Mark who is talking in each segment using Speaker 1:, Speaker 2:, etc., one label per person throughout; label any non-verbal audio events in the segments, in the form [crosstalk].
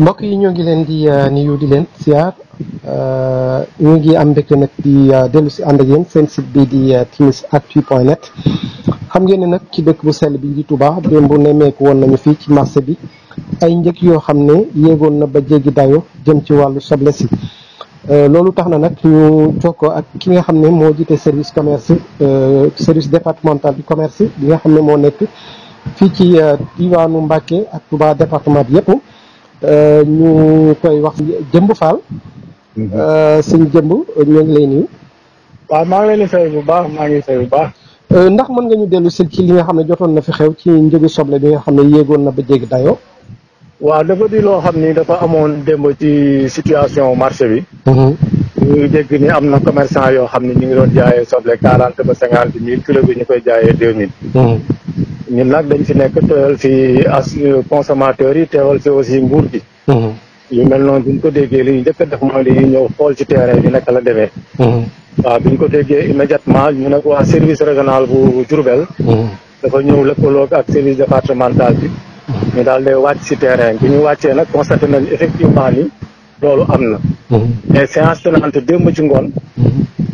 Speaker 1: mbokk yi ñoo ngi leen di uh, nuyu di leen siyaar
Speaker 2: uh,
Speaker 1: ñu ngi am mbégte nag di uh, dellu si ànd ak yéen seen site bi di Thimisactu point net xam ngeen ne nag ci dëkk bu sell bi di Touba démb nemmeeku woon nañu fii ci marché bi ay njëg yoo xam ne yéegoon na ba jéggi dayo jëm ci wàllu soble si loolu tax na nag ñu jokkoo ak ki nga xam ne moo jiite service commerce service départemental du commerce bi nga xam ne moo nekk fii ci diwaanu Mbacké ak tubaa département bi yëpp Euh, ñu koy wax jëmb Fall. Mhm. Euh, sëñ jëmb ñoo ngi lay nuyu. waaw
Speaker 2: maa ngi leen di fay bu baax
Speaker 1: maa ngi fay bu baax. Euh, ndax mën nga ñu dellu si ci li nga xam ne jotoon na fi xew ci njëgu soble bi nga xam ne yéegoon na ba jéggi dayoo.
Speaker 2: waaw dafa di loo xam ni dafa amoon démb ci situation marché bi. Mhm. ñu ngi dégg ni am na commerçant yoo xam ne ñu ngi doon jaayee soble quarante ba cinquante mille kilo bi ñu koy jaayee deux mille. Mhm. ñu nag dañ fi nekk teewal fi as consommateur yi teewal fi aussi mbuur gi mm-hmm. yu mel noonu bu ko déggee li ñu njëkk def mooy li ñëw xool ci terrain bi naka la demee mm-hmm. waaw bi ñu ko déggee immédiatement ñu nag waa service régional bu Diourbel mm-hmm. dafa ñëw lëkkaloog ak service départemental bi ñu daal di wàcc si terrain bi ñu wàccee nag constaté nañu effectivement ni loolu am na mais séance tenante démb ci ngoon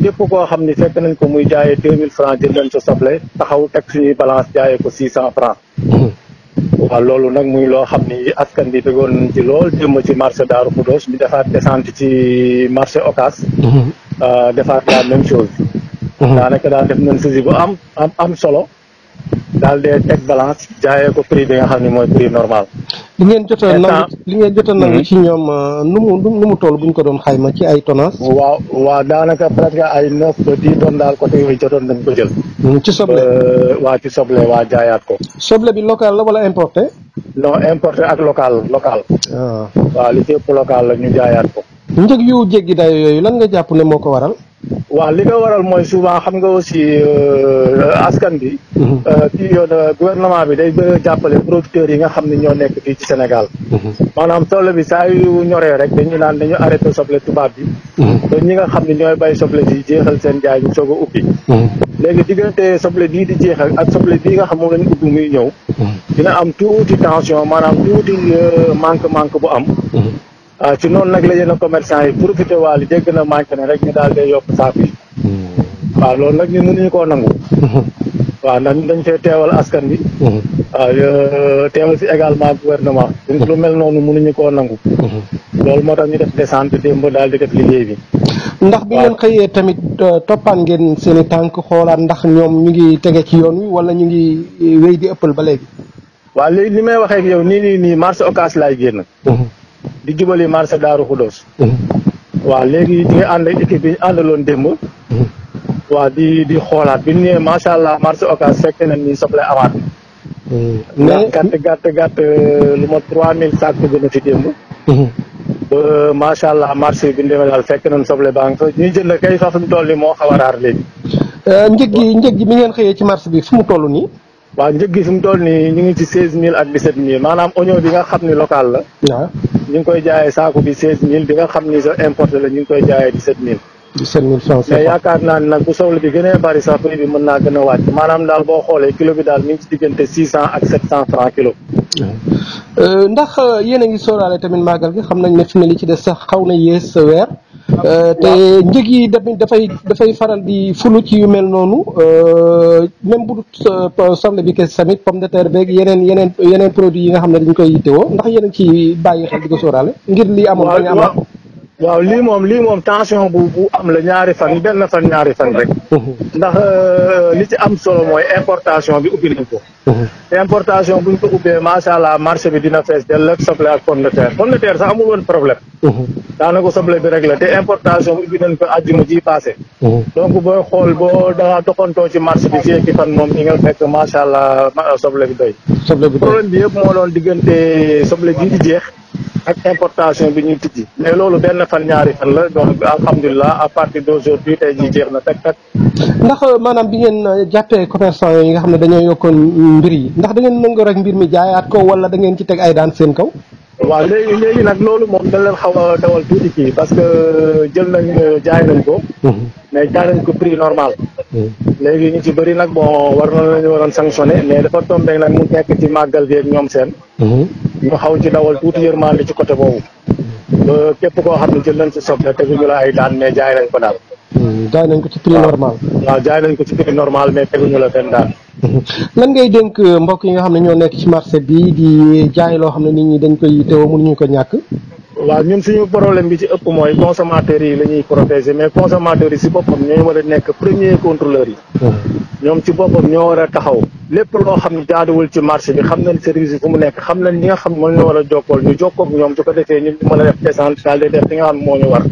Speaker 2: képp koo xam ni fekk nañ ko muy jaayee deux mille francs jël leen sa soble taxaw teg suñuy balance jaayee ko six cent francs waaw loolu nag muy loo xam ni askan bi bëggoon nañ ci lool jëm ci marché Daaru Xudoos ñu defaat descente ci marché Ocass mhm. euh, defaat la même chose mhm. daanaka daal def nañ saisie bu am am am solo daal dee teg balance jaayee ko prix bi nga xam ne mooy prix normal. li ngeen jot a nangu li
Speaker 1: ngeen jot a nangu mhm. ci ñoom euh, nu mu nu mu tool bu ñu ko doon ma ci ay tonnage. waaw
Speaker 2: waaw daanaka presque ay neuf ba dix tonnes daal côté yooyu jotoon ko jël. Mm, ci soble euh, waa ci soble waa jaayaat ko. soble bi local la wala importe no importé ak local local. Ah. waaw li ci ëpp local la ñu jaayaat ko.
Speaker 1: njëg yu jéggi dayo yooyu lan nga jàpp ne moo ko waral.
Speaker 2: waaw li ko waral mooy souvent xam nga aussi euh, askan bi. kii mhm. euh, yoon euh, gouvernement bi day bëgg jàppale producteurs yi nga xam ne ñoo nekk fii ci Sénégal. Mhm. maanaam soble bi saa yu ñoree rek dañu naan dañu arrêté soble tubaab bi. Mhm. ba ñi nga xam ne ñooy bay soble di jeexal seen jaay ñu soog a ubbi. léegi diggante soble bii di jeexal ak soble bii nga xam moom lañ ubbi muy ñëw. dina am tuuti tension maanaam tuuti manque manque bu am. waaw ah, ci noonu nag la yenn commercant yi profité waale jégg na manqué ne rek ñu daal di yokk saako yi. Hmm. waaw loolu nag ñun mënuñu koo nangu. [laughs] waaw ndax dañ fee teewal askan bi. waaw hmm. ah, teewal fi également gouvernement. Hmm. lu mel noonu mënuñu koo nangu. loolu moo tax ñu def descente démb daal di def liggéey
Speaker 1: ndax bi ngeen xëyee tamit euh, toppaan ngeen seen i tànk xoolaat ndax ñoom ñu ngi tege
Speaker 2: ci yoon wi wala ñu ngi euh, wéy di ëppal ba léegi. waaw léegi li may waxee ak yow nii nii nii marché occas laay génn. di jubali marché daru Xudoos hmm. wa léegi di nga and équipe bi ñu àndaloon démb hmm. di di xolat bi ñu ma sha allah marché oka fekk na ni soble amaat hmm. mais gàtt gàtt gàtt lu mo 3000 sacs bi na fi démb ba sha allah marché bi ñu dal daal na nañ soble ñu jënd kay fa fu tollu mo nii moo xaw a raar euh, gi ñeeg gi mi ngeen xëyee ci marché bi fu mu tollu ni waaw njëg gi fi nii ñu ngi ci seize mille ak dix-sept mille maanaam oignon bi nga xam ni local la ñu ngi koy jaayee saako bi seize mille bi nga xam ni sa importé la ñu ngi koy jaayee dix-sept mille
Speaker 1: dix-sept mille mais
Speaker 2: yaakaar naa ne nag bu soble bi gënee bari sax bi mën naa gën a wàcc maanaam daal boo xoolee kilo bi daal mi ngi ci diggante six cent ak sept cent francs kilo euh,
Speaker 1: ndax euh, yéen a ngi sóoraale tamit màggal gi xam nañ ne fi ne li ci des sax xaw na yées weer Euh, te njëg yi dafay dafay faral di fulu ci yu mel noonu euh, même bu dul euh, soble bi kese tamit pomme de terre beeg yeneen yeneen produit yi nga xam ne dañ koy yittewoo ndax
Speaker 2: yéen ci bàyyi xel di ko sóoraale ngir lii amoon bañ a amaat waaw lii moom lii moom tension bu bu am la ñaari fan benn fan ñaari fan rek. ndax euh, li ci am solo mooy importation bi ubbi nañ ko. importation buñ ko ubbee macha allah marché bi dina fees dell ak soble ak pomme de terre pomme de terre sax amul woon problème. daanaka soble bi rek la te importation bi ubbi nañ ko àjjuma ji passé. donc booy xool boo dangaa doxantoo ci marché bi fii fan moom i nga fekk macha allah soble bi doy. soble bi doy problème bi yëpp moo doon diggante soble bi di jeex. ak importation bi ñuy tijji mais loolu benn fan ñaari fan la donc alhamdulilah à partir d'aujourd'hui tey jii jeex na teg teg.
Speaker 1: ndax euh, maanaam bi ngeen euh, jàppee commerçant yooyu nga xam ne dañoo yokkoon mbir yi ndax da ngeen nangu rek mbir mi jaayaat ko wala dangeen ci teg ay daan seen kaw.
Speaker 2: waaw léegi léegi nag loolu moom dañ leen xaw a dawal tuuti kii parce que euh, jël nañ jaay nañ ko. Mhm. mais jaay nañ ko prix normal. léegi ñu ci bëri nag bon war na la ñu waroon sanctionné mais dafa tombé nag mu nekk ci màggal gi ak ñoom seen. Mhm. ñu xaw ci dawal tuuti yërmande ci côté boobu. képp koo xam ne jël nañ ci soble teguñu la ay daan mais jaay nañ ko daal. Mhm. jaay nañ ko ci prix normal. waaw jaay lañ ko ci prix normal mais teguñu la fenn daan.
Speaker 1: Mhm. ngay dénk mbokk yi nga xam ne ñoo nekk ci marché bi di jaay loo xam ne nit ñi dañ koy teewoo ñu ko ñàkk.
Speaker 2: waaw ñun suñu problème bi ci ëpp mooy consommateurs yi la ñuy protéger mais consommateurs yi si boppam ñooy war a nekk premier contrôleur yi. Hmm. ñoom ci boppam ñoo war a taxaw. lépp loo xam ne jaaduwul ci marché bi xam nañ service yi fu mu nekk xam nañ ñi nga xam ne moom la war a jokkool ñu jokkoog ñoom su ko defee ñu mën a def descente daal di def li nga xam moo ñu war.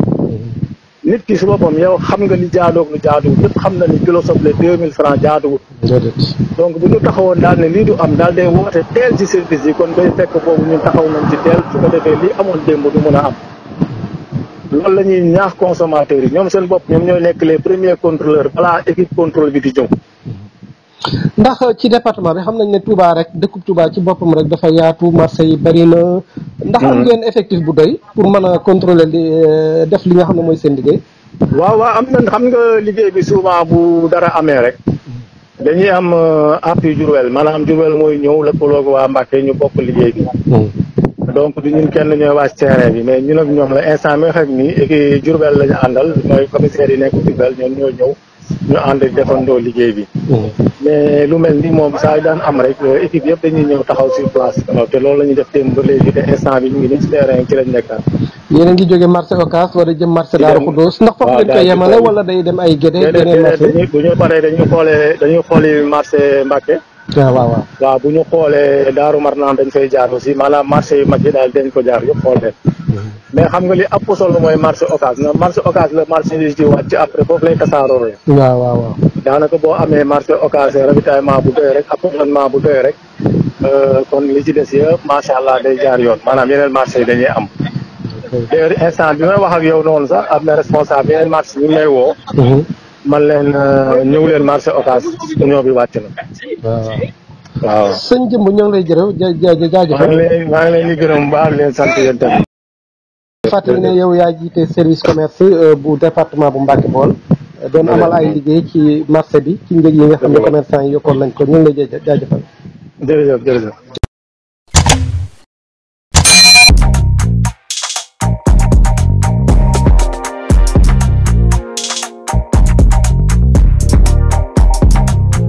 Speaker 2: nit ki si boppam yow xam nga li jaadoog lu jaaduwul ñëpp xam na ni kilo soble deux mille franc jaaduwul donc bu ñu taxawoon daal ne lii du am daal day woote teel ci service yi kon day fekk boobu ñun taxaw nañ ci teel su ko defee lii amoon démb du mun a am loolu la ñuy ñaax consommateurs yi ñoom seen bopp ñoom ñooy nekk les premiers contrôleurs balaa équipe contrôle bi di ñëw
Speaker 1: ndax ci département bi xam nañ ne Touba rek dëkku Touba ci boppam rek dafa yaatu marché yi bari na. ndax am hmm. ngeen effectif bu doy pour mën a contrôler li euh, def li nga xam ne mooy seen liggéey.
Speaker 2: waaw waaw am na xam nga liggéey bi souvent bu dara amee rek. dañuy am euh, appui Diourbel maanaam Diourbel mooy ñëw lëkkaloog waa Mbacke ñu bokk liggéey bi. Hmm. donc du ñun kenn ñooy wàcc terrain bi mais ñun ak ñoom la instant bi nga xam ni Diourbel la ñu àndal mooy commissaire yi nekk Diourbel ñoom ñoo ñëw. ñu ànd defandoo liggéey bi. mais lu mel ni moom saa daan am rek équipe yëpp dañuy ñëw taxaw sur place. te loolu la ñuy def démb ba léegi te instant bi ñu ngi nii ci terrain ci lañ nekkaat.
Speaker 1: yéen a ngi jóge marché Ocass wala jëm marché Darou Khoudoss ndax foofu lañ koy yemale wala day dem ay Gédé. yeneen marché dañuy bu ñu
Speaker 2: dañuy xoolee dañuy xooli marché Mbacké. Ah, waaw waaw bu ñu xoolee Darou Marnaan dañ koy jaar aussi maanaam marché yu mag yi daal dañ ko jaar yëpp xool leen. mais xam nga li ëpp solo mooy marché occasion marché occasion la marchandise di wàcc après foofu lay tasaaroo rek.
Speaker 1: waaw waaw waaw.
Speaker 2: daanaka boo amee marché occasion ravitaillement bu doy rek approvisionnement bu doy rek euh, kon li ci des yëpp macha allah day jaar yoon maanaam yeneen marché yi dañuy am. d'ailleurs instant bi may wax ak yow noonu sax am na responsable yeneen marché bi may woo. Mhm. man leen euh, ñëw leen marché occasion union bi wàcc na. waaw. waaw
Speaker 1: sëñ Jëmb ñoo ngi lay jërëw jaajëf jaajëf. maa maa ngi leen di sant yéen tamit. fàttali ne yow yaa jiite service commerce euh, bu département bu Mbacké bool doon amal ay liggéey ci marché bi ci njëg yi nga xam ne commerçant yi yokkoon nañ ko ñu ngi lay jaajëfal
Speaker 2: jërëjëf jërëjëf